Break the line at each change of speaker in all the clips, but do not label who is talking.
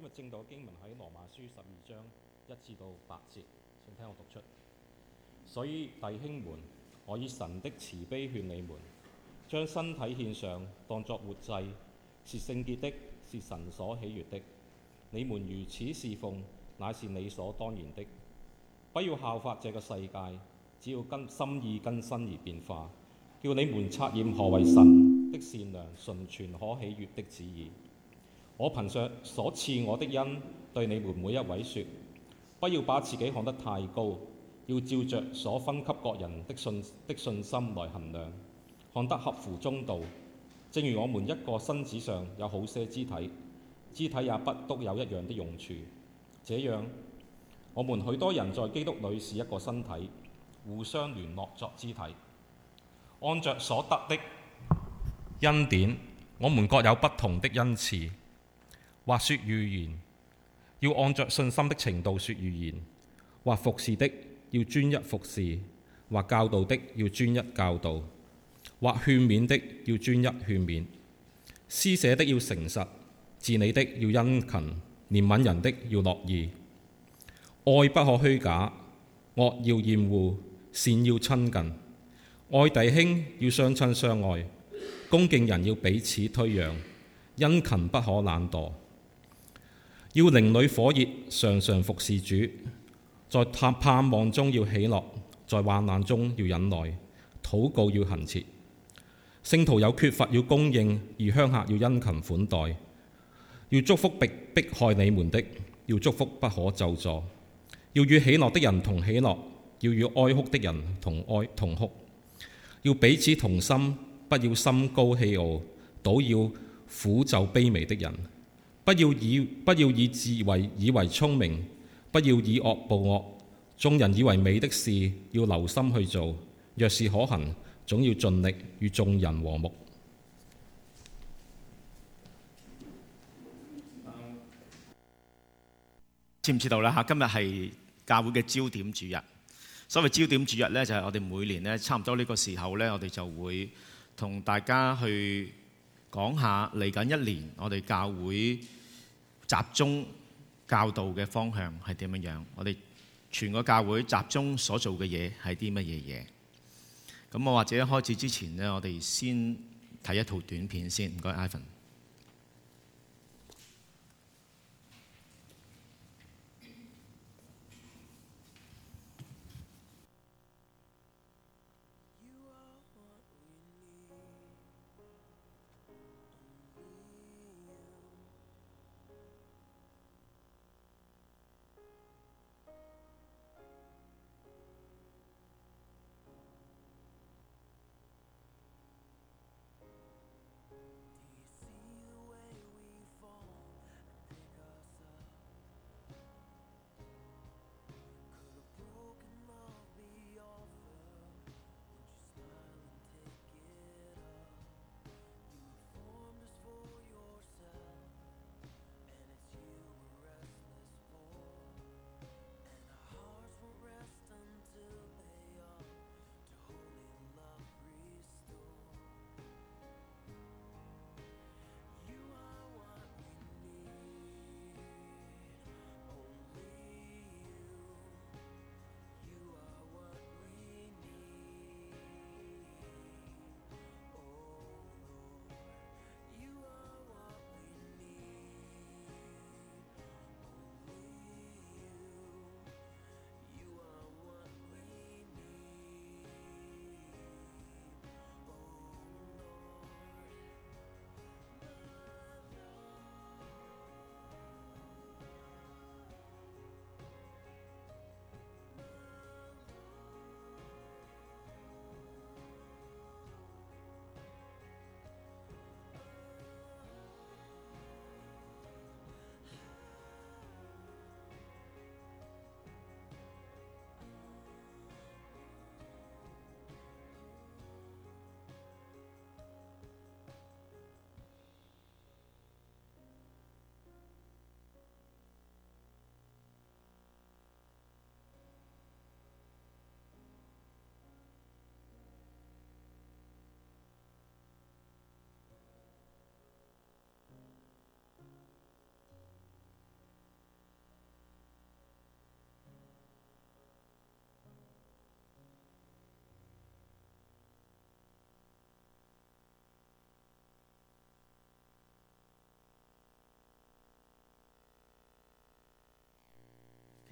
今日正道經文喺羅馬書十二章一至到八節，請聽我讀出。所以弟兄們，我以神的慈悲勸你們，將身體獻上當作活祭，是聖潔的，是神所喜悅的。你們如此侍奉，乃是理所當然的。不要效法這個世界，只要跟心意更新而變化，叫你們察驗何為神的善良、純全、可喜悅的旨意。我憑着所賜我的恩，對你們每一位説：不要把自己看得太高，要照着所分給各人的信的信心來衡量，看得合乎中道。正如我們一個身子上有好些肢體，肢體也不都有一樣的用處。這樣，我們許多人在基督裏是一個身體，互相聯絡作肢體。按着所得的恩典，我們各有不同的恩賜。或說預言，要按着信心的程度說預言；或服侍的要專一服侍；或教導的要專一教導；或勸勉的要專一勸勉；施捨的要誠實；治理的要殷勤；憐憫人的要樂意。愛不可虛假，惡要厭惡，善要親近。愛弟兄要相親相愛，恭敬人要彼此推讓，殷勤不可懶惰。要靈裏火熱，常常服侍主；在盼盼望中要喜樂，在患難中要忍耐，禱告要恆切。聖徒有缺乏要供應，而鄉客要殷勤款待。要祝福逼迫害你們的，要祝福不可咒詛。要與喜樂的人同喜樂，要與哀哭的人同哀同哭。要彼此同心，不要心高氣傲，倒要俯就卑微的人。不要以不要以自為以為聰明，不要以惡報惡。眾人以為美的事，要留心去做。若是可行，總要盡力與眾人和睦。
知唔知道啦？哈！今日係教會嘅焦點主日。所謂焦點主日呢，就係、是、我哋每年咧，差唔多呢個時候呢，我哋就會同大家去講下嚟緊一年我哋教會。集中教導嘅方向係點樣樣？我哋全個教會集中所做嘅嘢係啲乜嘢？咁我或者開始之前呢，我哋先睇一套短片先。唔該，Ivan。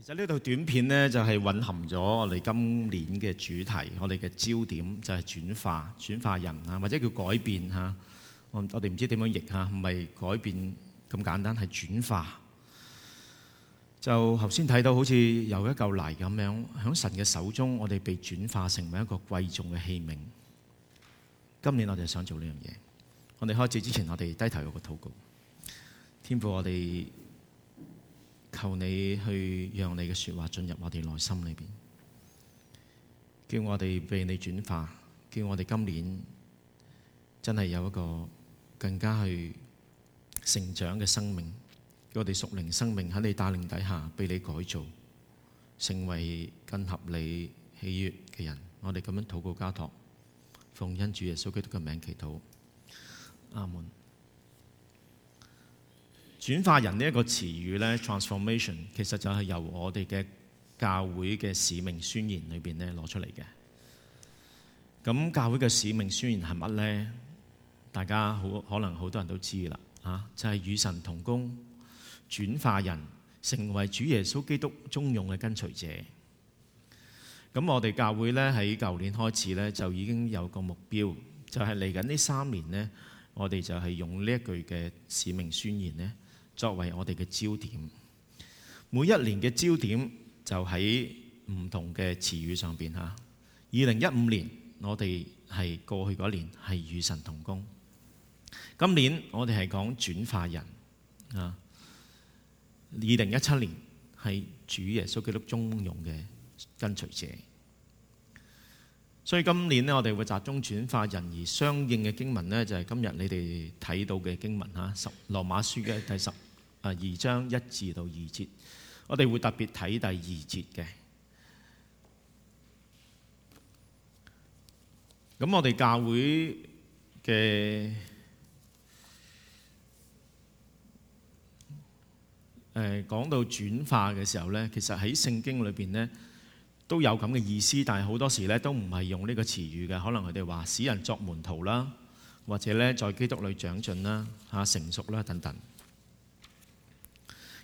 就呢套短片咧，就係、是、揾含蘊含咗我哋今年嘅主題，我哋嘅焦點就係、是、轉化、轉化人啊，或者叫改變吓。我我哋唔知點樣譯吓，唔係改變咁簡單，係轉化。就頭先睇到好似有一嚿泥咁樣，喺神嘅手中，我哋被轉化成為一個貴重嘅器皿。今年我哋想做呢樣嘢。我哋開始之前，我哋低頭有個禱告，天父，我哋。求你去讓你嘅說話進入我哋內心裏邊，叫我哋被你轉化，叫我哋今年真係有一個更加去成長嘅生命，叫我哋屬靈生命喺你帶領底下被你改造，成為更合理喜悅嘅人。我哋咁樣禱告家，交託奉恩主耶穌基督嘅名祈禱，阿門。轉化人呢一個詞語呢 transformation 其實就係由我哋嘅教會嘅使命宣言裏邊咧攞出嚟嘅。咁教會嘅使命宣言係乜呢？大家好可能好多人都知啦嚇，就係、是、與神同工，轉化人成為主耶穌基督忠勇嘅跟隨者。咁我哋教會呢，喺舊年開始呢，就已經有個目標，就係嚟緊呢三年呢，我哋就係用呢一句嘅使命宣言呢。作為我哋嘅焦點，每一年嘅焦點就喺唔同嘅詞語上邊吓。二零一五年我哋係過去嗰一年係與神同工，今年我哋係講轉化人啊。二零一七年係主耶穌基督忠勇嘅跟隨者，所以今年咧我哋會集中轉化人而相應嘅經文呢，就係今日你哋睇到嘅經文吓，十，《羅馬書》嘅第十。啊！二章一至到二節，我哋會特別睇第二節嘅。咁我哋教會嘅誒、呃，講到轉化嘅時候呢，其實喺聖經裏邊呢都有咁嘅意思，但係好多時呢都唔係用呢個詞語嘅。可能佢哋話使人作門徒啦，或者呢在基督裏長進啦、吓成熟啦等等。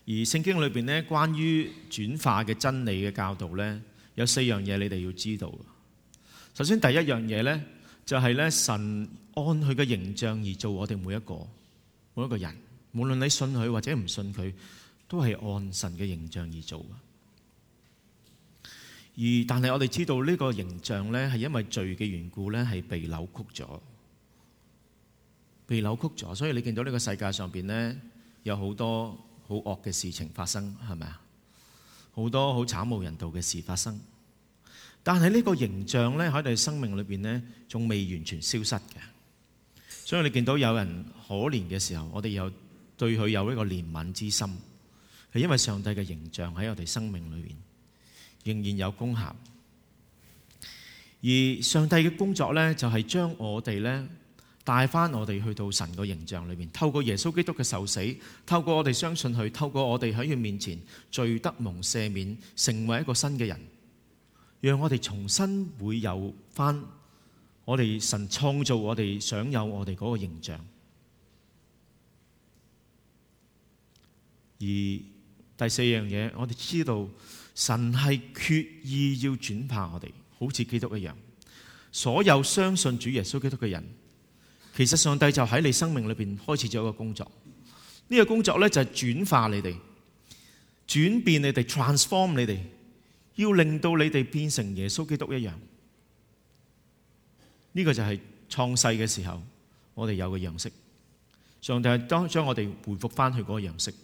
而聖經裏邊呢，關於轉化嘅真理嘅教導呢，有四樣嘢你哋要知道。首先第一樣嘢呢就係呢神按佢嘅形象而做我哋每一個每一個人，無論你信佢或者唔信佢，都係按神嘅形象而做。而但係我哋知道呢個形象呢係因為罪嘅緣故呢係被扭曲咗，被扭曲咗。所以你見到呢個世界上邊呢，有好多，好惡嘅事情發生係咪啊？好多好慘無人道嘅事發生，但係呢個形象咧，喺我哋生命裏邊咧，仲未完全消失嘅。所以你見到有人可憐嘅時候，我哋又對佢有一個憐憫之心，係因為上帝嘅形象喺我哋生命裏邊仍然有功效。而上帝嘅工作咧，就係將我哋咧。帶翻我哋去到神個形象裏面，透過耶穌基督嘅受死，透過我哋相信佢，透過我哋喺佢面前罪得蒙赦免，成為一個新嘅人，讓我哋重新會有翻我哋神創造我哋想有我哋嗰個形象。而第四樣嘢，我哋知道神係決意要轉化我哋，好似基督一樣，所有相信主耶穌基督嘅人。其實上帝就喺你生命裏邊開始咗一個工作，呢個工作咧就係轉化你哋，轉變你哋，transform 你哋，要令到你哋變成耶穌基督一樣。呢個就係創世嘅時候，我哋有嘅樣式。上帝係當將我哋回復翻去嗰個樣式，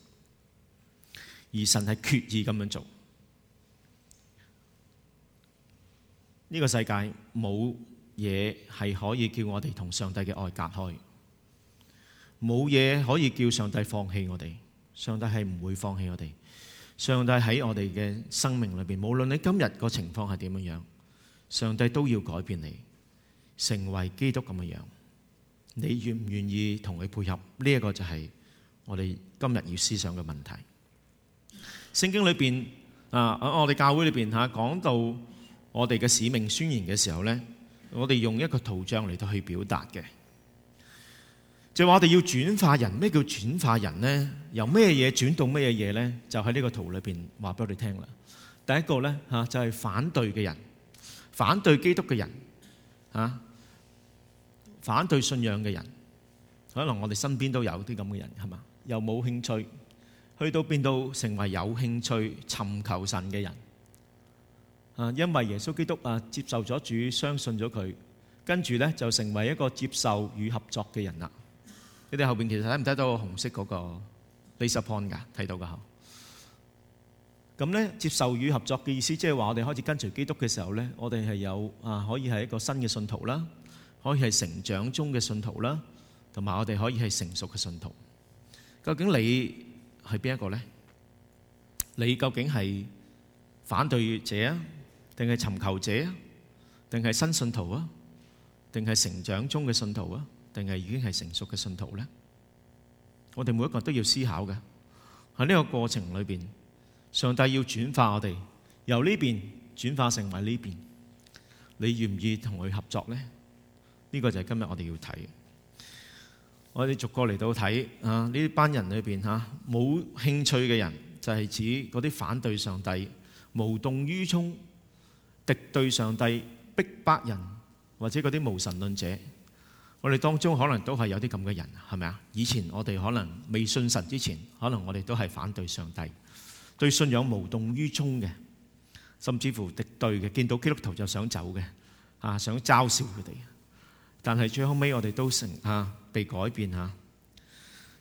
而神係決意咁樣做。呢個世界冇。嘢係可以叫我哋同上帝嘅愛隔開，冇嘢可以叫上帝放棄我哋。上帝係唔會放棄我哋。上帝喺我哋嘅生命裏邊，無論你今日個情況係點樣樣，上帝都要改變你，成為基督咁嘅樣。你願唔願意同佢配合？呢一個就係我哋今日要思想嘅問題。聖經裏邊啊，我哋教會裏邊吓講到我哋嘅使命宣言嘅時候呢。我哋用一個圖像嚟到去表達嘅，就話我哋要轉化人。咩叫轉化人呢？由咩嘢轉到咩嘢呢？就喺呢個圖裏邊話俾我哋聽啦。第一個呢，吓，就係反對嘅人，反對基督嘅人，啊，反對信仰嘅人。可能我哋身邊都有啲咁嘅人，係嘛？又冇興趣，去到變到成為有興趣尋求神嘅人。啊，因為耶穌基督啊，接受咗主，相信咗佢，跟住咧就成為一個接受與合作嘅人啦。 你哋後邊其實睇唔睇到個紅色嗰、嗰個 disappoint 噶？睇 到噶。咁、嗯、咧，接受與合作嘅意思，即係話我哋開始跟隨基督嘅時候咧，我哋係有啊，可以係一個新嘅信徒啦，可以係成長中嘅信徒啦，同埋我哋可以係成熟嘅信徒。究竟你係邊一個咧？你究竟係反對者啊？定係尋求者啊？定係新信徒啊？定係成長中嘅信徒啊？定係已經係成熟嘅信徒咧？我哋每一個都要思考嘅，喺呢個過程裏邊，上帝要轉化我哋，由呢邊轉化成為呢邊。你願唔願意同佢合作咧？呢個就係今日我哋要睇。我哋逐個嚟到睇啊！呢班人裏邊嚇冇興趣嘅人，就係指嗰啲反對上帝、無動於衷。敵對上帝、逼迫人或者嗰啲無神論者，我哋當中可能都係有啲咁嘅人，係咪啊？以前我哋可能未信神之前，可能我哋都係反對上帝，對信仰無動於衷嘅，甚至乎敵對嘅，見到基督徒就想走嘅，啊，想嘲笑佢哋。但係最後尾，我哋都成吓、啊、被改變吓、啊。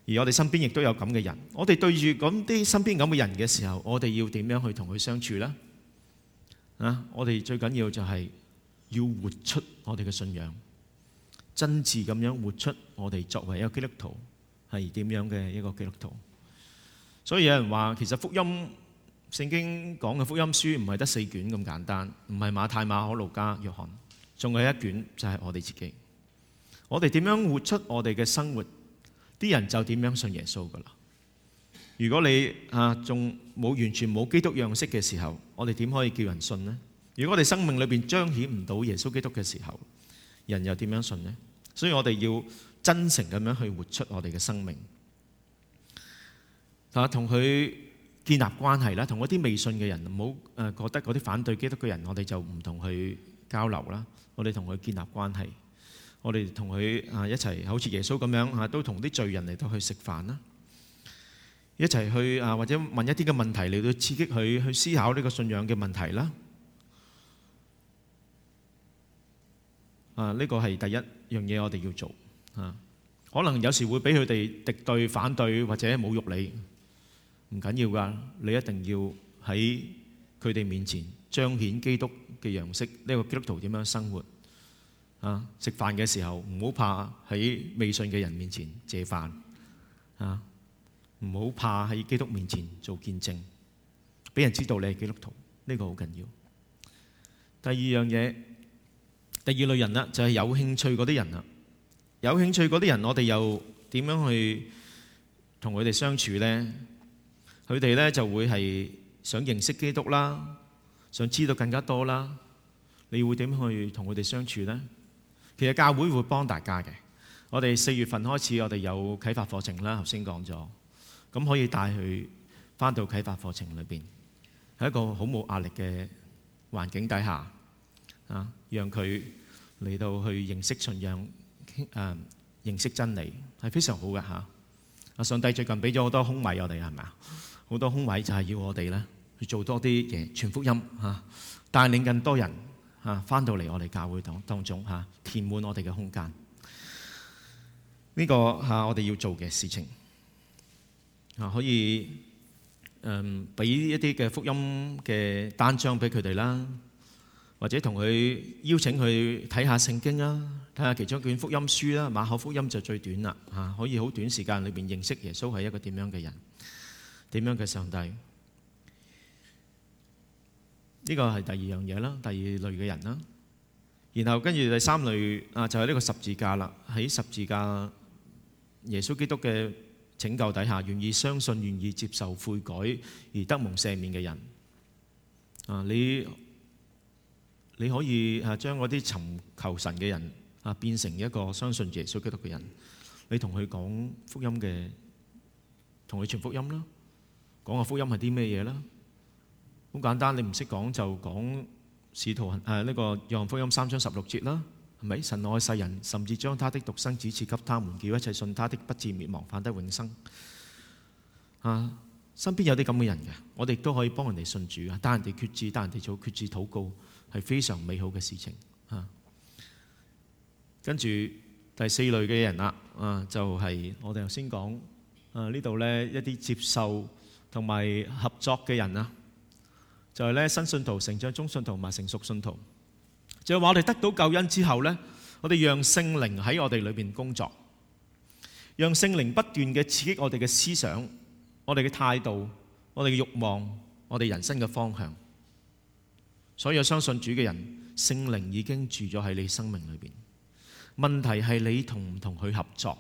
而我哋身邊亦都有咁嘅人，我哋對住咁啲身邊咁嘅人嘅時候，我哋要點樣去同佢相處呢？啊！我哋最緊要就係要活出我哋嘅信仰，真摯咁樣活出我哋作為一個基督徒係點樣嘅一個基督徒。所以有人話，其實福音聖經講嘅福音書唔係得四卷咁簡單，唔係馬太、馬可、路加、約翰，仲有一卷就係我哋自己。我哋點樣活出我哋嘅生活，啲人就點樣信耶穌噶啦。如果你啊仲冇完全冇基督樣式嘅時候，我哋點可以叫人信呢？如果我哋生命裏邊彰顯唔到耶穌基督嘅時候，人又點樣信呢？所以我哋要真誠咁樣去活出我哋嘅生命。啊，同佢建立關係啦，同嗰啲未信嘅人唔好誒，覺得嗰啲反對基督嘅人，我哋就唔同佢去交流啦。我哋同佢建立關係，我哋同佢啊一齊好似耶穌咁樣啊，都同啲罪人嚟到去食飯啦。一齊去啊，或者問一啲嘅問題嚟到刺激佢去思考呢個信仰嘅問題啦。啊，呢個係第一樣嘢我哋要做啊。可能有時會俾佢哋敵對、反對或者侮辱你，唔緊要㗎。你一定要喺佢哋面前彰顯基督嘅樣式，呢個基督徒點樣生活啊？食飯嘅時候唔好怕喺未信嘅人面前謝飯啊。唔好怕喺基督面前做見證，俾人知道你係基督徒呢個好緊要。第二樣嘢，第二類人啦，就係有興趣嗰啲人啦。有興趣嗰啲人，我哋又點樣去同佢哋相處呢？佢哋咧就會係想認識基督啦，想知道更加多啦。你會點去同佢哋相處呢？其實教會會幫大家嘅。我哋四月份開始，我哋有啟發課程啦。頭先講咗。咁可以帶佢翻到啟發課程裏邊，喺一個好冇壓力嘅環境底下啊，讓佢嚟到去認識信仰，啊，認識真理係非常好嘅嚇。啊，上帝最近俾咗好多空位我哋係咪？好多空位就係要我哋咧去做多啲嘢傳福音嚇、啊，帶領更多人嚇翻到嚟我哋教會當當中嚇、啊，填滿我哋嘅空間。呢、呢個嚇、啊、我哋要做嘅事情。啊，可以，嗯，俾一啲嘅福音嘅單張俾佢哋啦，或者同佢邀請佢睇下聖經啦，睇下其中一卷福音書啦，馬可福音就最短啦，吓可以好短時間裏邊認識耶穌係一個點樣嘅人，點樣嘅上帝，呢個係第二樣嘢啦，第二類嘅人啦，然後跟住第三類啊就係呢個十字架啦，喺十字架耶穌基督嘅。拯救底下願意相信、願意接受悔改而得蒙赦免嘅人，啊，你你可以啊將嗰啲尋求神嘅人啊變成一個相信耶穌基督嘅人，你同佢講福音嘅，同佢傳福音啦，講下福音係啲咩嘢啦，好簡單，你唔識講就講使徒啊呢、呢個約翰福音三章十六節啦。係咪神愛世人，甚至將他的獨生子賜給他們，叫一切信他的不至滅亡，反得永生。啊，身邊有啲咁嘅人嘅，我哋都可以幫人哋信主啊，帶人哋決志，帶人哋做決志禱告，係非常美好嘅事情啊。跟住第四類嘅人啦，啊，就係我哋頭先講，啊呢度呢一啲接受同埋合作嘅人啦，就係咧新信徒、成長中信徒同埋成熟信徒。就係話我哋得到救恩之後呢，我哋讓聖靈喺我哋裏面工作，讓聖靈不斷嘅刺激我哋嘅思想、我哋嘅態度、我哋嘅欲望、我哋人生嘅方向。所以我相信主嘅人，聖靈已經住咗喺你生命裏面。問題係你同唔同佢合作。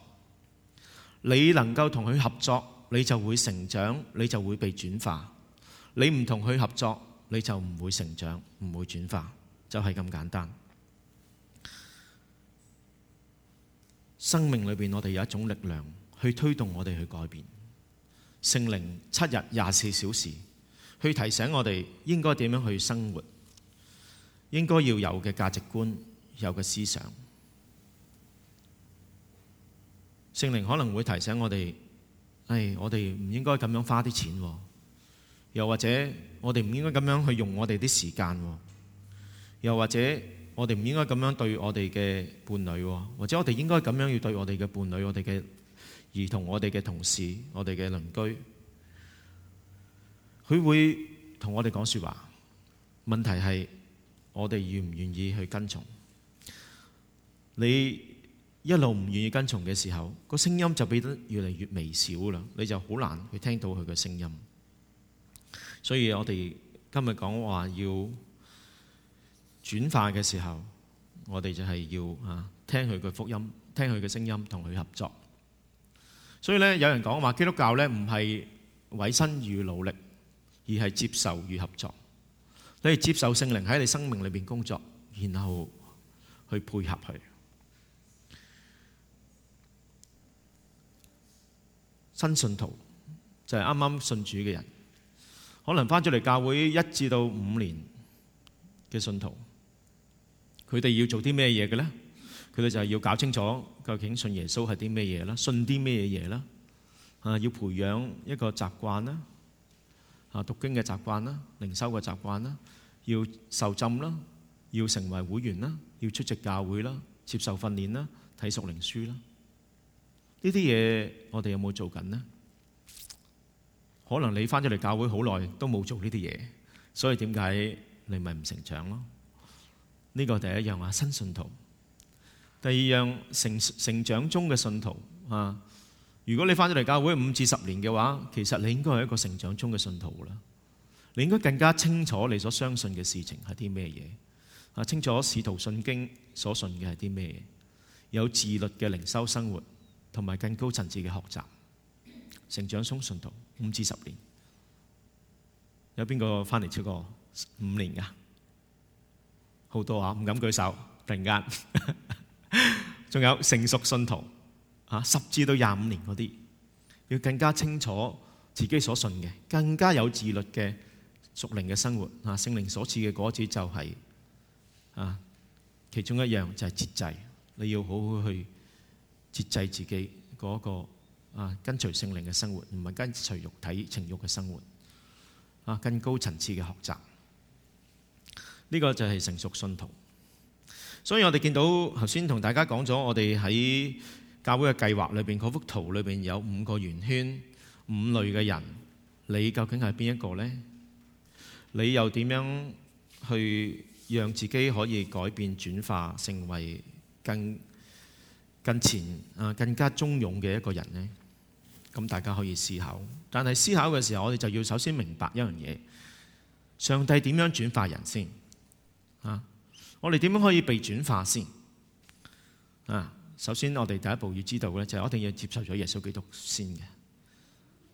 你能夠同佢合作，你就會成長，你就會被轉化。你唔同佢合作，你就唔會成長，唔會轉化。就係咁簡單。生命裏面，我哋有一種力量去推動我哋去改變。聖靈七日廿四小時，去提醒我哋應該點樣去生活，應該要有嘅價值觀，有嘅思想。聖靈可能會提醒我哋，唉、哎，我哋唔應該咁樣花啲錢，又或者我哋唔應該咁樣去用我哋啲時間。又或者我哋唔應該咁樣對我哋嘅伴侶，或者我哋應該咁樣要對我哋嘅伴侶、我哋嘅兒童、我哋嘅同事、我哋嘅鄰居，佢會同我哋講說話。問題係我哋願唔願意去跟從？你一路唔願意跟從嘅時候，個聲音就變得越嚟越微小啦，你就好難去聽到佢嘅聲音。所以我哋今日講話要。轉化嘅時候，我哋就係要啊聽佢嘅福音，聽佢嘅聲音，同佢合作。所以咧，有人講話基督教咧，唔係委身與努力，而係接受與合作。你接受聖靈喺你生命裏邊工作，然後去配合佢。新信徒就係啱啱信主嘅人，可能翻咗嚟教會一至到五年嘅信徒。佢哋要做啲咩嘢嘅咧？佢哋就係要搞清楚究竟信耶穌係啲咩嘢啦，信啲咩嘢嘢啦？啊，要培養一個習慣啦，啊讀經嘅習慣啦，靈修嘅習慣啦，要受浸啦，要成為會員啦，要出席教會啦，接受訓練啦，睇屬靈書啦。呢啲嘢我哋有冇做緊咧？可能你返咗嚟教會好耐都冇做呢啲嘢，所以點解你咪唔成長咯？呢個第一樣啊，新信徒；第二樣成成長中嘅信徒啊。如果你翻咗嚟教會五至十年嘅話，其實你應該係一個成長中嘅信徒啦。你應該更加清楚你所相信嘅事情係啲咩嘢啊。清楚使徒信經所信嘅係啲咩嘢，有自律嘅靈修生活，同埋更高層次嘅學習。成長中信徒五至十年，有邊個翻嚟超過五年㗎啊？好多啊，唔敢舉手。突然間，仲有成熟信徒啊，十至到廿五年嗰啲，要更加清楚自己所信嘅，更加有自律嘅屬靈嘅生活。啊，聖靈所賜嘅果子就係啊，其中一樣就係節制。你要好好去節制自己嗰個啊，跟隨聖靈嘅生活，唔係跟隨肉體情慾嘅生活。啊，更高層次嘅學習。呢個就係成熟信徒，所以我哋見到頭先同大家講咗，我哋喺教會嘅計劃裏邊嗰幅圖裏面有五個圓圈，五類嘅人。你究竟係邊一個呢？你又點樣去讓自己可以改變轉化，成為更更前啊，更加忠勇嘅一個人呢？咁大家可以思考，但係思考嘅時候，我哋就要首先明白一樣嘢：上帝點樣轉化人先？啊！我哋點樣可以被轉化先？啊！首先我哋第一步要知道嘅咧，就係我一定要接受咗耶穌基督先嘅。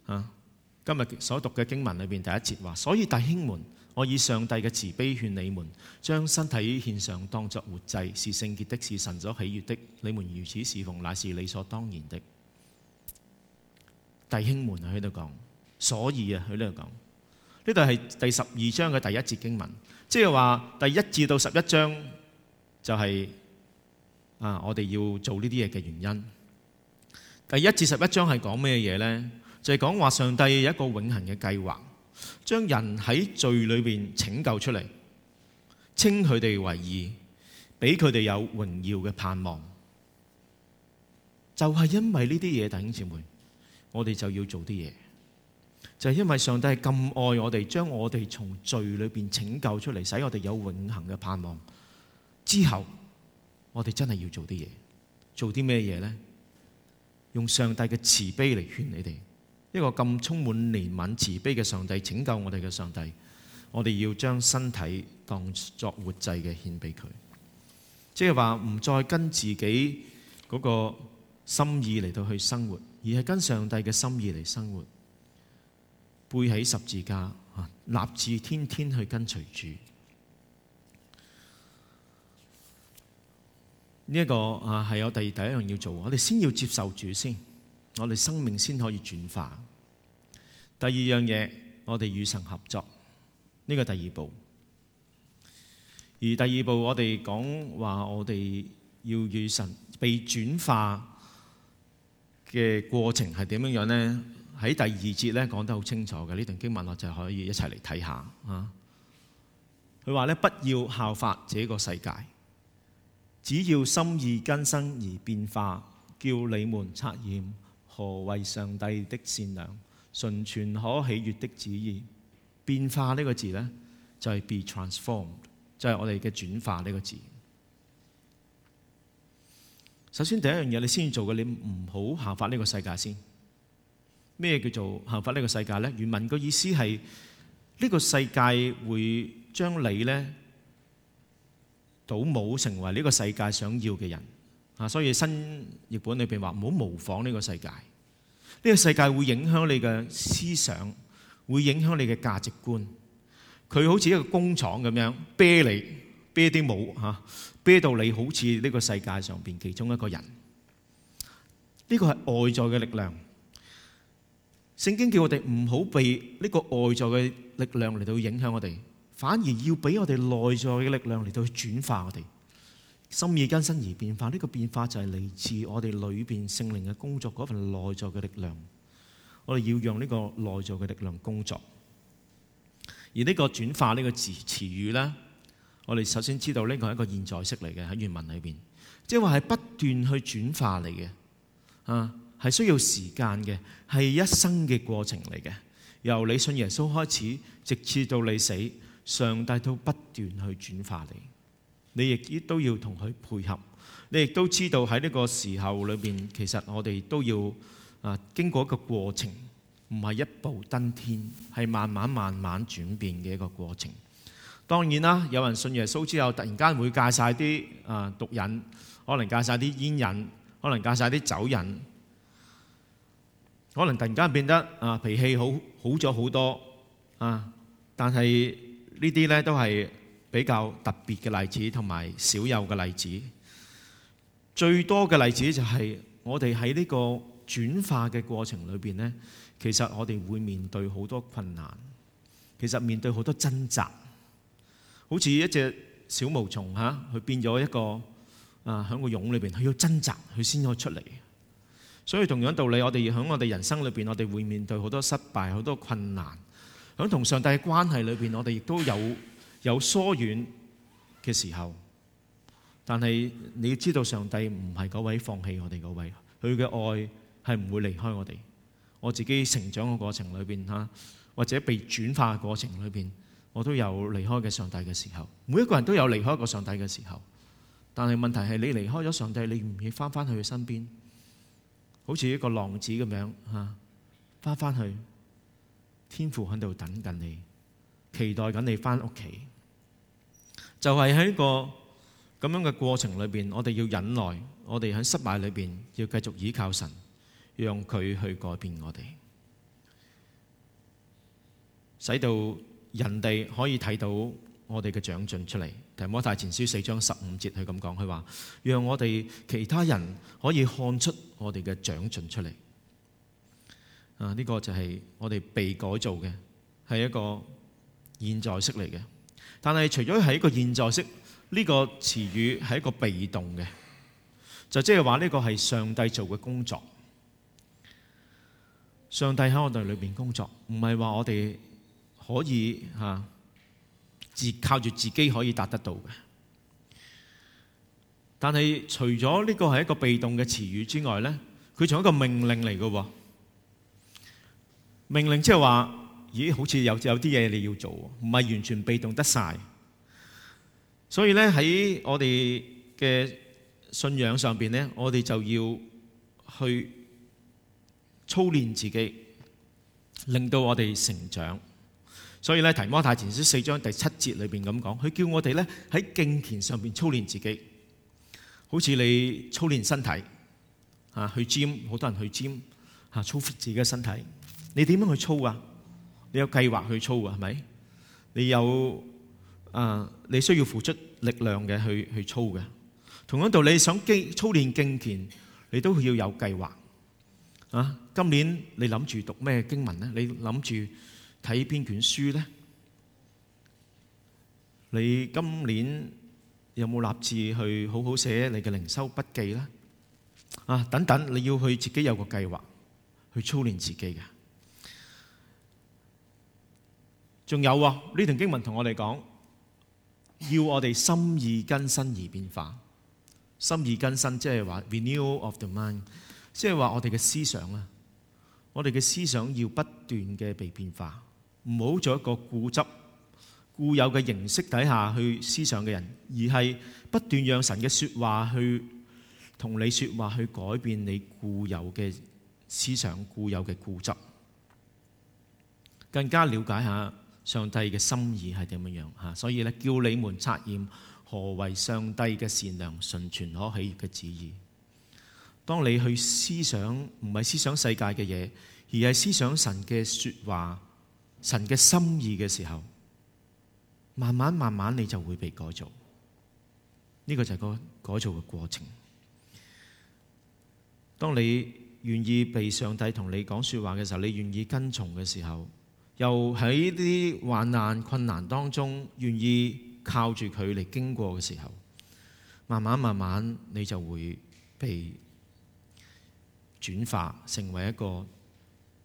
啊！今日所讀嘅經文裏邊第一節話：所以弟兄們，我以上帝嘅慈悲勸你們，將身體獻上，當作活祭，是聖潔的，是神所喜悅的。你們如此侍奉，乃是理所當然的。弟兄們喺度講，所以啊，喺呢度講。呢度係第十二章嘅第一節經文，即係話第一至到十一章就係啊，我哋要做呢啲嘢嘅原因。第一至十一章係講咩嘢呢？就係講話上帝有一個永恆嘅計劃，將人喺罪裏邊拯救出嚟，稱佢哋為義，俾佢哋有榮耀嘅盼望。就係因為呢啲嘢，弟兄姊妹，我哋就要做啲嘢。就係因為上帝咁愛我哋，將我哋從罪裏邊拯救出嚟，使我哋有永恒嘅盼望。之後，我哋真係要做啲嘢，做啲咩嘢呢？用上帝嘅慈悲嚟勸你哋，一個咁充滿憐憫、慈悲嘅上帝拯救我哋嘅上帝，我哋要將身體當作活祭嘅獻俾佢，即係話唔再跟自己嗰個心意嚟到去生活，而係跟上帝嘅心意嚟生活。背起十字架，立志天天去跟隨主。呢、這個、一個啊係有第第一樣要做，我哋先要接受主先，我哋生命先可以轉化。第二樣嘢，我哋與神合作，呢、這個第二步。而第二步我，我哋講話，我哋要與神被轉化嘅過程係點樣樣咧？喺第二節咧講得好清楚嘅，呢段經文我就可以一齊嚟睇下啊！佢話咧，不要效法這個世界，只要心意更新而變化，叫你們察驗何為上帝的善良，純全可喜悅的旨意。變化呢個字咧，就係、是、be transformed，就係我哋嘅轉化呢個字。首先第一樣嘢，你先做嘅，你唔好效法呢個世界先。咩叫做效法呢個世界咧？原文個意思係呢個世界會將你咧倒模成為呢個世界想要嘅人啊！所以新譯本裏邊話唔好模仿呢個世界，呢個世界會影響你嘅思想，會影響你嘅價值觀。佢好似一個工廠咁樣啤你，啤啲模吓，啤到你好似呢個世界上邊其中一個人。呢個係外在嘅力量。聖經叫我哋唔好被呢個外在嘅力量嚟到影響我哋，反而要俾我哋內在嘅力量嚟到去轉化我哋。心意更新而變化，呢個變化就係嚟自我哋裏邊聖靈嘅工作嗰份內在嘅力量。我哋要用呢個內在嘅力量工作，而呢個轉化呢個詞詞語咧，我哋首先知道呢個係一個現在式嚟嘅喺原文裏邊，即係話係不斷去轉化嚟嘅啊。係需要時間嘅，係一生嘅過程嚟嘅。由你信耶穌開始，直至到你死，上帝都不斷去轉化你。你亦都要同佢配合。你亦都知道喺呢個時候裏邊，其實我哋都要啊、呃、經過一個過程，唔係一步登天，係慢慢慢慢轉變嘅一個過程。當然啦，有人信耶穌之後，突然間會戒晒啲啊毒癮，可能戒晒啲煙癮，可能戒晒啲酒癮。可能突然間變得啊脾氣好好咗好多啊，但係呢啲咧都係比較特別嘅例子同埋少有嘅例子。最多嘅例子就係、是、我哋喺呢個轉化嘅過程裏邊咧，其實我哋會面對好多困難，其實面對好多掙扎，好似一隻小毛蟲嚇，佢、啊、變咗一個啊響個蛹裏邊，佢要掙扎佢先可以出嚟。所以同樣道理，我哋喺我哋人生裏邊，我哋會面對好多失敗、好多困難。喺同上帝嘅關係裏邊，我哋亦都有有疏遠嘅時候。但係你要知道，上帝唔係嗰位放棄我哋嗰位，佢嘅愛係唔會離開我哋。我自己成長嘅過程裏邊吓，或者被轉化嘅過程裏邊，我都有離開嘅上帝嘅時候。每一個人都有離開過上帝嘅時候，但係問題係你離開咗上帝，你唔會翻返去佢身邊。好似一個浪子咁樣吓，翻翻去，天父喺度等緊你，期待緊你翻屋企。就係喺個咁樣嘅過程裏邊，我哋要忍耐，我哋喺失敗裏邊要繼續倚靠神，讓佢去改變我哋，使到人哋可以睇到我哋嘅長進出嚟。提摩太前書四章十五節，佢咁講，佢話讓我哋其他人可以看出我哋嘅長進出嚟。啊，呢、這個就係我哋被改造嘅，係一個現在式嚟嘅。但係除咗係一個現在式，呢、這個詞語係一個被動嘅，就即係話呢個係上帝做嘅工作。上帝喺我哋裏邊工作，唔係話我哋可以吓。啊自靠住自己可以達得到嘅，但係除咗呢個係一個被動嘅詞語之外呢，佢仲有一個命令嚟嘅喎。命令即係話，咦，好似有有啲嘢，你要做，唔係完全被動得晒。所以呢，喺我哋嘅信仰上邊呢，我哋就要去操練自己，令到我哋成長。所以咧，《提摩太前書》四章第七節裏邊咁講，佢叫我哋咧喺敬虔上邊操練自己，好似你操練身體嚇去 gym，好多人去 gym 嚇操 fit 自己嘅身體。你點樣去操啊？你有計劃去操啊？係咪？你有啊？你需要付出力量嘅去去操嘅。同樣道理，你想操練敬虔，你都要有計劃。啊，今年你諗住讀咩經文咧？你諗住。睇邊卷書呢？你今年有冇立志去好好寫你嘅靈修筆記呢？啊，等等，你要去自己有個計劃去操練自己嘅。仲有啊，呢段經文同我哋講，要我哋心意更新而變化。心意更新，即係話 renewal of the mind，即係話我哋嘅思想啊，我哋嘅思想要不斷嘅被變化。唔好做一個固執、固有嘅形式底下去思想嘅人，而係不斷讓神嘅說話去同你說話，去改變你固有嘅思想、固有嘅固執，更加了解下上帝嘅心意係點樣樣吓。所以咧，叫你們察驗何為上帝嘅善良、純全可喜悅嘅旨意。當你去思想唔係思想世界嘅嘢，而係思想神嘅說話。神嘅心意嘅時候，慢慢慢慢你就會被改造，呢個就係個改造嘅過程。當你願意被上帝同你講說話嘅時候，你願意跟從嘅時候，又喺啲患難困難當中願意靠住佢嚟經過嘅時候，慢慢慢慢你就會被轉化成為一個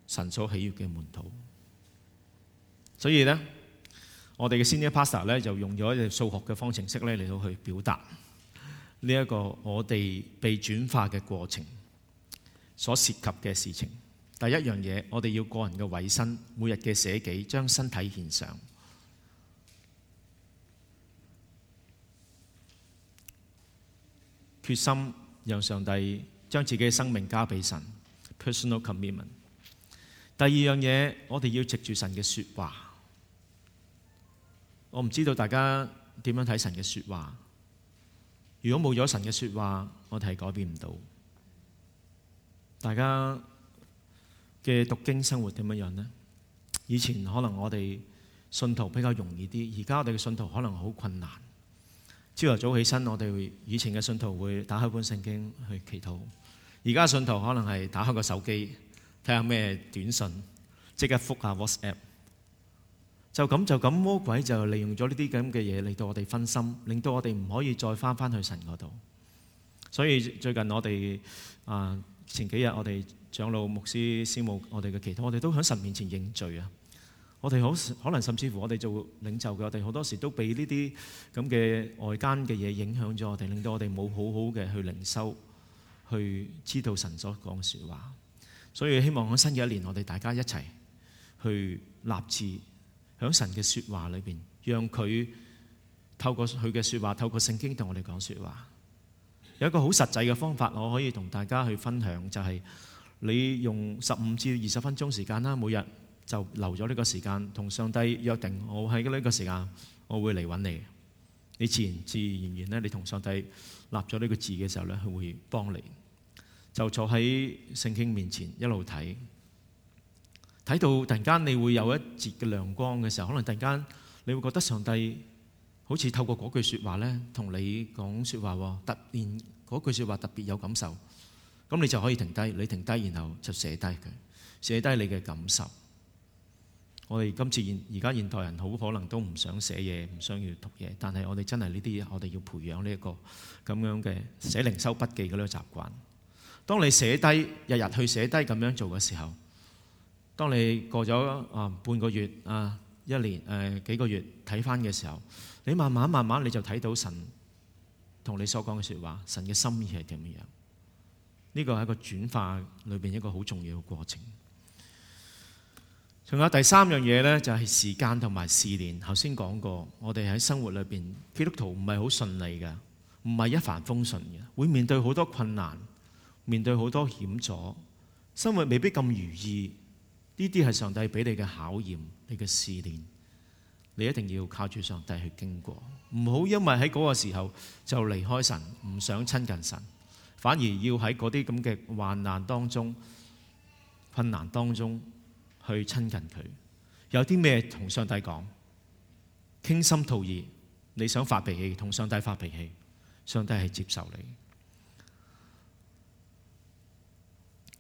神所喜悅嘅門徒。.所以呢，我哋嘅 Senior Pastor 咧就用咗一隻數學嘅方程式咧嚟到去表達呢一個我哋被轉化嘅過程所涉及嘅事情。第一樣嘢，我哋要個人嘅委身，每日嘅捨己將身體獻上，決心讓上帝將自己嘅生命交俾神。Personal commitment。第二樣嘢，我哋要籍住神嘅說話。我唔知道大家點樣睇神嘅説話。如果冇咗神嘅説話，我哋係改變唔到。大家嘅讀經生活點樣樣呢？以前可能我哋信徒比較容易啲，而家我哋嘅信徒可能好困難。朝頭早起身，我哋以前嘅信徒會打開本聖經去祈禱，而家信徒可能係打開個手機睇下咩短信，即刻覆下 WhatsApp。就咁就咁，魔鬼就利用咗呢啲咁嘅嘢，令到我哋分心，令到我哋唔可以再翻翻去神嗰度。所以最近我哋啊，前幾日我哋長老牧師師母，我哋嘅祈禱，我哋都喺神面前認罪啊。我哋好可能甚至乎我哋做領袖嘅，我哋好多時都俾呢啲咁嘅外間嘅嘢影響咗我哋，令到我哋冇好好嘅去靈修，去知道神所講嘅說話。所以希望喺新嘅一年，我哋大家一齊去立志。喺神嘅説話裏邊，讓佢透過佢嘅説話，透過聖經同我哋講説話。有一個好實際嘅方法，我可以同大家去分享，就係你用十五至二十分鐘時間啦，每日就留咗呢個時間，同上帝約定，我喺呢個時間，我會嚟搵你。你自然自然然咧，你同上帝立咗呢個字嘅時候咧，佢會幫你。就坐喺聖經面前一路睇。睇到突然間你會有一節嘅亮光嘅時候，可能突然間你會覺得上帝好似透過嗰句説話咧，同你講説話喎，突然嗰句説話特別有感受，咁你就可以停低，你停低然後就寫低佢，寫低你嘅感受。我哋今次現而家現代人好可能都唔想寫嘢，唔想要讀嘢，但係我哋真係呢啲嘢，我哋要培養呢一個咁樣嘅寫靈修筆記呢個習慣。當你寫低日日去寫低咁樣做嘅時候，當你過咗啊、呃、半個月啊一年誒、呃、幾個月睇翻嘅時候，你慢慢慢慢你就睇到神同你所講嘅說話，神嘅心意係點樣樣？呢、這個係一個轉化裏邊一個好重要嘅過程。仲有第三樣嘢咧，就係、是、時間同埋試煉。頭先講過，我哋喺生活裏邊，基督徒唔係好順利嘅，唔係一帆風順嘅，會面對好多困難，面對好多險阻，生活未必咁如意。呢啲係上帝俾你嘅考驗，你嘅試煉，你一定要靠住上帝去經過，唔好因為喺嗰個時候就離開神，唔想親近神，反而要喺嗰啲咁嘅患難當中、困難當中去親近佢。有啲咩同上帝講，傾心吐意，你想發脾氣，同上帝發脾氣，上帝係接受你。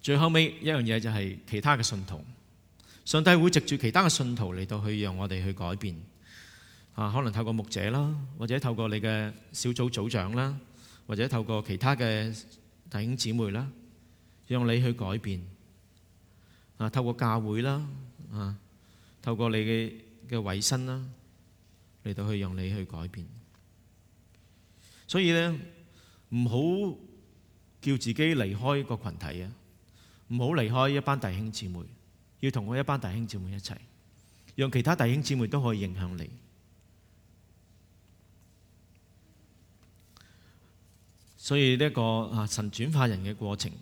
最後尾一樣嘢就係其他嘅信徒。上帝會藉住其他嘅信徒嚟到去讓我哋去改變，啊，可能透過牧者啦，或者透過你嘅小組組長啦，或者透過其他嘅弟兄姊妹啦，讓你去改變，啊，透過教會啦，啊，透過你嘅嘅委身啦，嚟到去讓你去改變。所以咧，唔好叫自己離開個羣體啊，唔好離開一班弟兄姊妹。要同我一班弟兄姊妹一齊，讓其他弟兄姊妹都可以影響你。所以呢個啊神轉化人嘅過程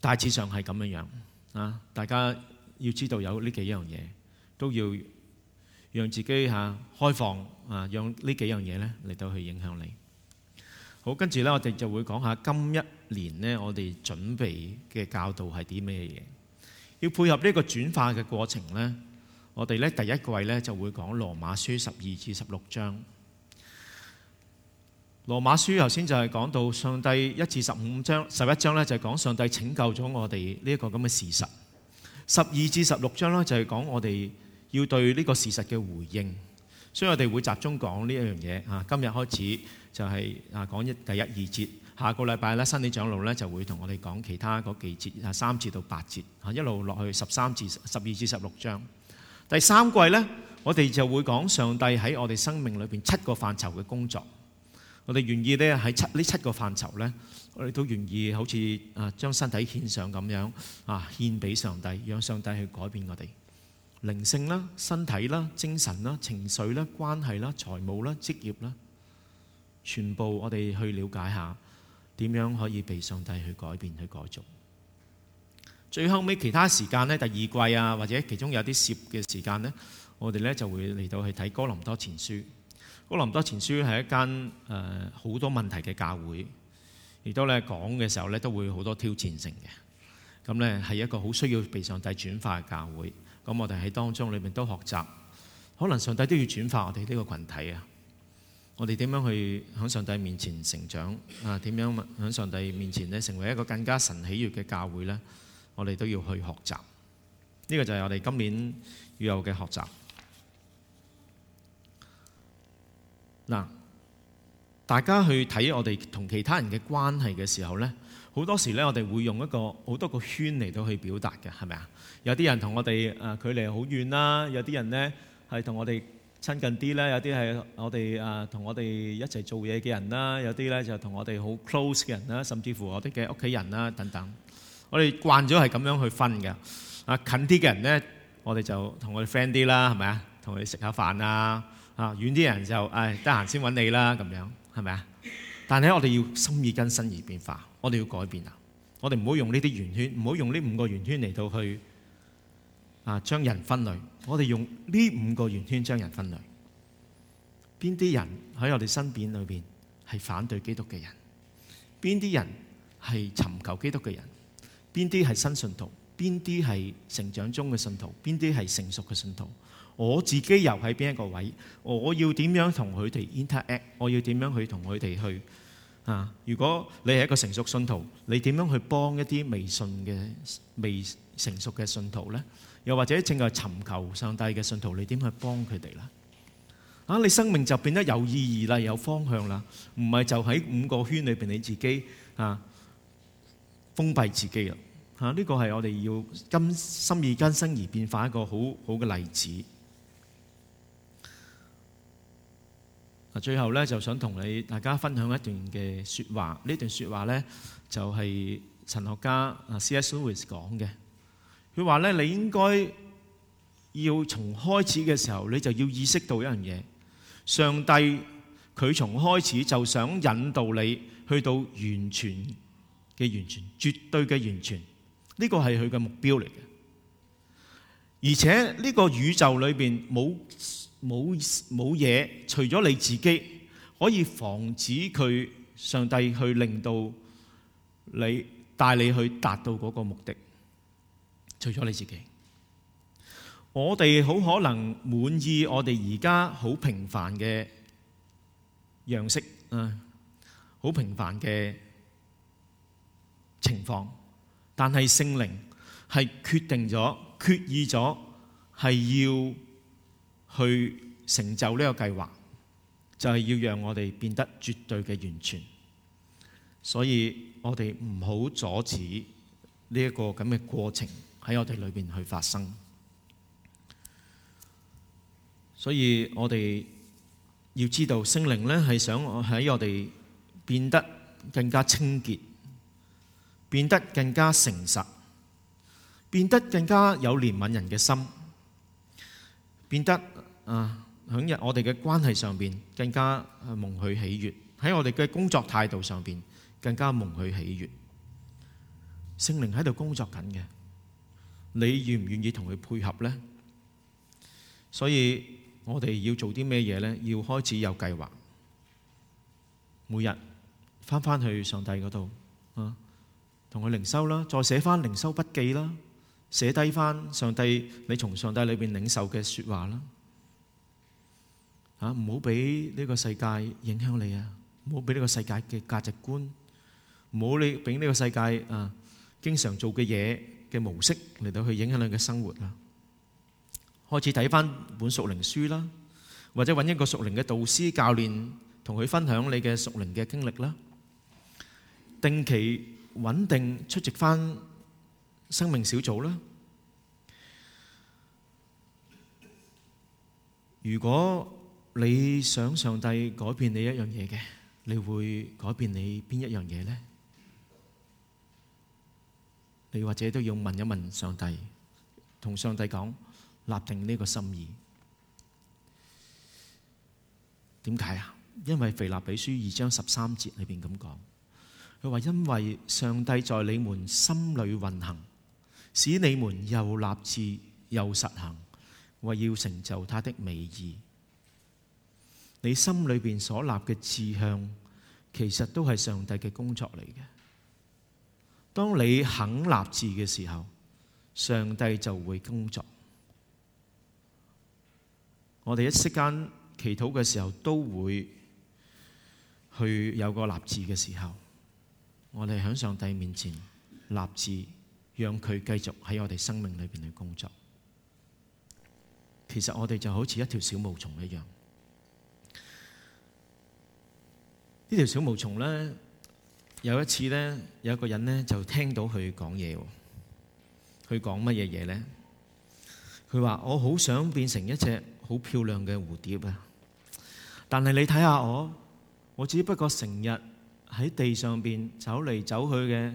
大致上係咁樣樣啊。大家要知道有呢幾樣嘢，都要讓自己吓開放啊，讓呢幾樣嘢咧嚟到去影響你。好，跟住咧我哋就會講下今一年呢我哋準備嘅教導係啲咩嘢。要配合呢個轉化嘅過程呢，我哋第一季呢就會講《羅馬書》十二至十六章。《羅馬書》頭先就係講到上帝一至十五章，十一章呢就係講上帝拯救咗我哋呢個噉嘅事實。十二至十六章呢就係講我哋要對呢個事實嘅回應，所以我哋會集中講呢一樣嘢啊。今日開始就係啊講一第一二節。下個禮拜咧，身體長老咧就會同我哋講其他嗰幾節啊，三節到八節嚇，一路落去十三至十二至十六章。第三季呢，我哋就會講上帝喺我哋生命裏邊七個範疇嘅工作。我哋願意呢，喺七呢七個範疇呢，我哋都願意好似啊將身體獻上咁樣啊獻俾上帝，讓上帝去改變我哋靈性啦、身體啦、精神啦、情緒啦、關係啦、財務啦、職業啦，全部我哋去了解下。點樣可以被上帝去改變、去改造？最後尾其他時間呢，第二季啊，或者其中有啲攝嘅時間呢，我哋咧就會嚟到去睇哥林多前書。哥林多前書係一間誒好多問題嘅教會，亦都咧講嘅時候咧，都會好多挑戰性嘅。咁咧係一個好需要被上帝轉化嘅教會。咁我哋喺當中裏面都學習，可能上帝都要轉化我哋呢個群體啊。我哋點樣去喺上帝面前成長啊？點樣喺上帝面前咧，成為一個更加神喜悅嘅教會呢？我哋都要去學習。呢個就係我哋今年要有嘅學習。嗱，大家去睇我哋同其他人嘅關係嘅時候呢，好多時呢，我哋會用一個好多個圈嚟到去表達嘅，係咪啊？有啲人同我哋啊距離好遠啦，有啲人呢係同我哋。親近啲咧，有啲係我哋啊同我哋一齊做嘢嘅人啦，有啲咧就同我哋好 close 嘅人啦，甚至乎我哋嘅屋企人啦等等。我哋慣咗係咁樣去分嘅啊，近啲嘅人咧，我哋就同我哋 friend 啲啦，係咪啊？同佢哋食下飯啊啊，遠啲人就誒得閒先揾你啦，咁樣係咪啊？但係我哋要心意更新而變化，我哋要改變啊！我哋唔好用呢啲圓圈，唔好用呢五個圓圈嚟到去。啊！將人分類，我哋用呢五個圓圈將人分類。邊啲人喺我哋身邊裏面係反對基督嘅人？邊啲人係尋求基督嘅人？邊啲係新信徒？邊啲係成長中嘅信徒？邊啲係成熟嘅信徒？我自己又喺邊一個位？我要點樣同佢哋 interact？我要點樣去同佢哋去啊？如果你係一個成熟信徒，你點樣去幫一啲未信嘅、未成熟嘅信徒咧？又或者正係尋求上帝嘅信徒，你點去幫佢哋啦？你生命就變得有意義啦，有方向啦，唔係就喺五個圈裏邊你自己啊封閉自己啦。吓、啊，呢個係我哋要今心意更新而變化一個很好好嘅例子。啊、最後咧就想同你大家分享一段嘅說話。呢段說話咧就係、是、陳學嘉啊 C.S. Lewis 講嘅。佢話咧，你應該要從開始嘅時候，你就要意識到一樣嘢：上帝佢從開始就想引導你去到完全嘅完全、絕對嘅完全。呢個係佢嘅目標嚟嘅。而且呢個宇宙裏邊冇冇冇嘢，除咗你自己，可以防止佢上帝去令到你帶你去達到嗰個目的。除咗你自己，我哋好可能滿意我哋而家好平凡嘅樣式啊，好平凡嘅情況。但係聖靈係決定咗、決意咗，係要去成就呢個計劃，就係、是、要讓我哋變得絕對嘅完全。所以我哋唔好阻止呢一個咁嘅過程。喺我哋裏邊去發生，所以我哋要知道聖靈呢係想喺我哋變得更加清潔，變得更加誠實，變得更加有憐憫人嘅心，變得啊響日我哋嘅關係上邊更加蒙許喜悅，喺我哋嘅工作態度上邊更加蒙許喜悅。聖靈喺度工作緊嘅。你願唔願意同佢配合呢？所以我哋要做啲咩嘢呢？要開始有計劃，每日翻翻去上帝嗰度啊，同佢靈修啦，再寫翻靈修筆記啦，寫低翻上帝你從上帝裏邊領受嘅說話啦，啊，唔好俾呢個世界影響你啊，唔好俾呢個世界嘅價值觀，唔好你俾呢個世界啊，經常做嘅嘢。嘅模式嚟到去影響你嘅生活啦，開始睇翻本屬靈書啦，或者揾一個屬靈嘅導師、教練，同佢分享你嘅屬靈嘅經歷啦，定期穩定出席翻生命小組啦。如果你想上帝改變你一樣嘢嘅，你會改變你邊一樣嘢咧？你或者都要問一問上帝，同上帝講，立定呢個心意。點解啊？因為腓立比書二章十三節裏邊咁講，佢話因為上帝在你們心裏運行，使你們又立志又實行，為要成就他的美意。你心裏邊所立嘅志向，其實都係上帝嘅工作嚟嘅。當你肯立志嘅時候，上帝就會工作。我哋一息間祈禱嘅時候，都會去有個立志嘅時候。我哋喺上帝面前立志，讓佢繼續喺我哋生命裏邊去工作。其實我哋就好似一條小毛蟲一樣，呢條小毛蟲呢，有一次咧，有一個人咧就聽到佢講嘢。佢講乜嘢嘢咧？佢話：我好想變成一隻好漂亮嘅蝴蝶啊！但係你睇下我，我只不過成日喺地上邊走嚟走去嘅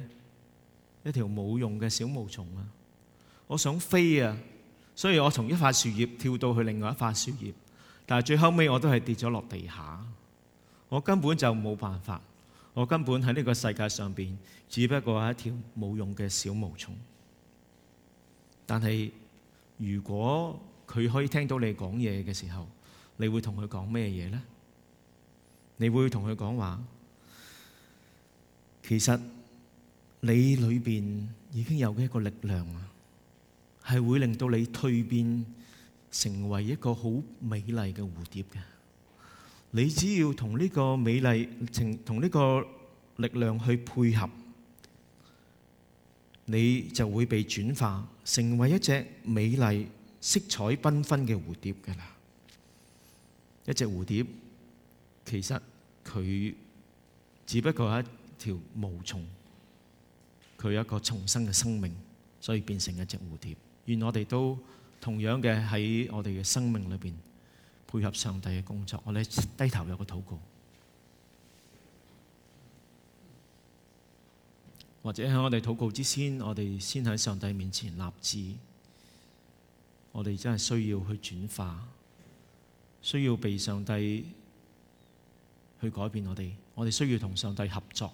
一條冇用嘅小毛蟲啊！我想飛啊，所以我從一塊樹葉跳到去另外一塊樹葉，但係最後尾我都係跌咗落地下。我根本就冇辦法。我根本喺呢個世界上邊，只不過係一條冇用嘅小毛蟲。但係，如果佢可以聽到你講嘢嘅時候，你會同佢講咩嘢咧？你會同佢講話，其實你裏邊已經有一個力量啊，係會令到你蛻變，成為一個好美麗嘅蝴蝶嘅。你只要同呢個美麗情同呢個力量去配合，你就會被轉化成為一隻美麗、色彩繽紛嘅蝴蝶噶啦。一隻蝴蝶其實佢只不過係一條毛蟲，佢有一個重生嘅生命，所以變成一隻蝴蝶。願我哋都同樣嘅喺我哋嘅生命裏邊。配合上帝嘅工作，我哋低頭有個禱告，或者喺我哋禱告之前，我哋先喺上帝面前立志，我哋真係需要去轉化，需要被上帝去改變我哋，我哋需要同上帝合作。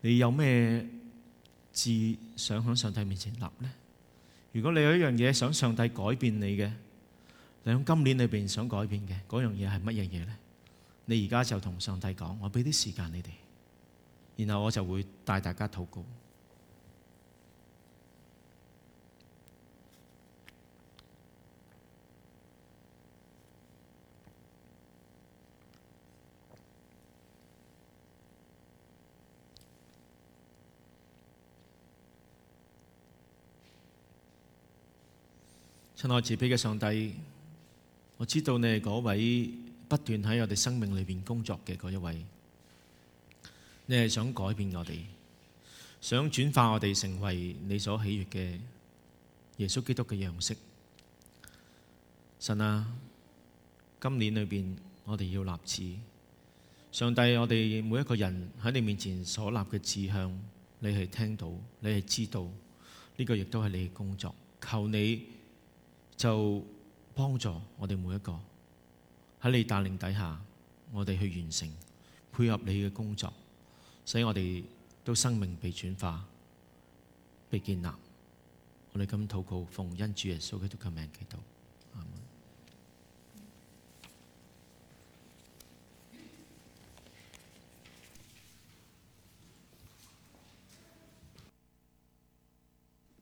你有咩志想喺上帝面前立呢？如果你有一樣嘢想上帝改變你嘅，你喺今年裏邊想改變嘅嗰樣嘢係乜嘢嘢咧？你而家就同上帝講，我俾啲時間你哋，然後我就會帶大家禱告。親愛慈悲嘅上帝。我知道你係嗰位不斷喺我哋生命裏邊工作嘅嗰一位，你係想改變我哋，想轉化我哋成為你所喜悅嘅耶穌基督嘅樣式。神啊，今年裏邊我哋要立志，上帝，我哋每一個人喺你面前所立嘅志向，你係聽到，你係知道，呢個亦都係你嘅工作。求你就。幫助我哋每一個喺你帶領底下，我哋去完成配合你嘅工作，使我哋都生命都被轉化、被建立。我哋噉禱告，奉恩主耶穌基督嘅名祈禱。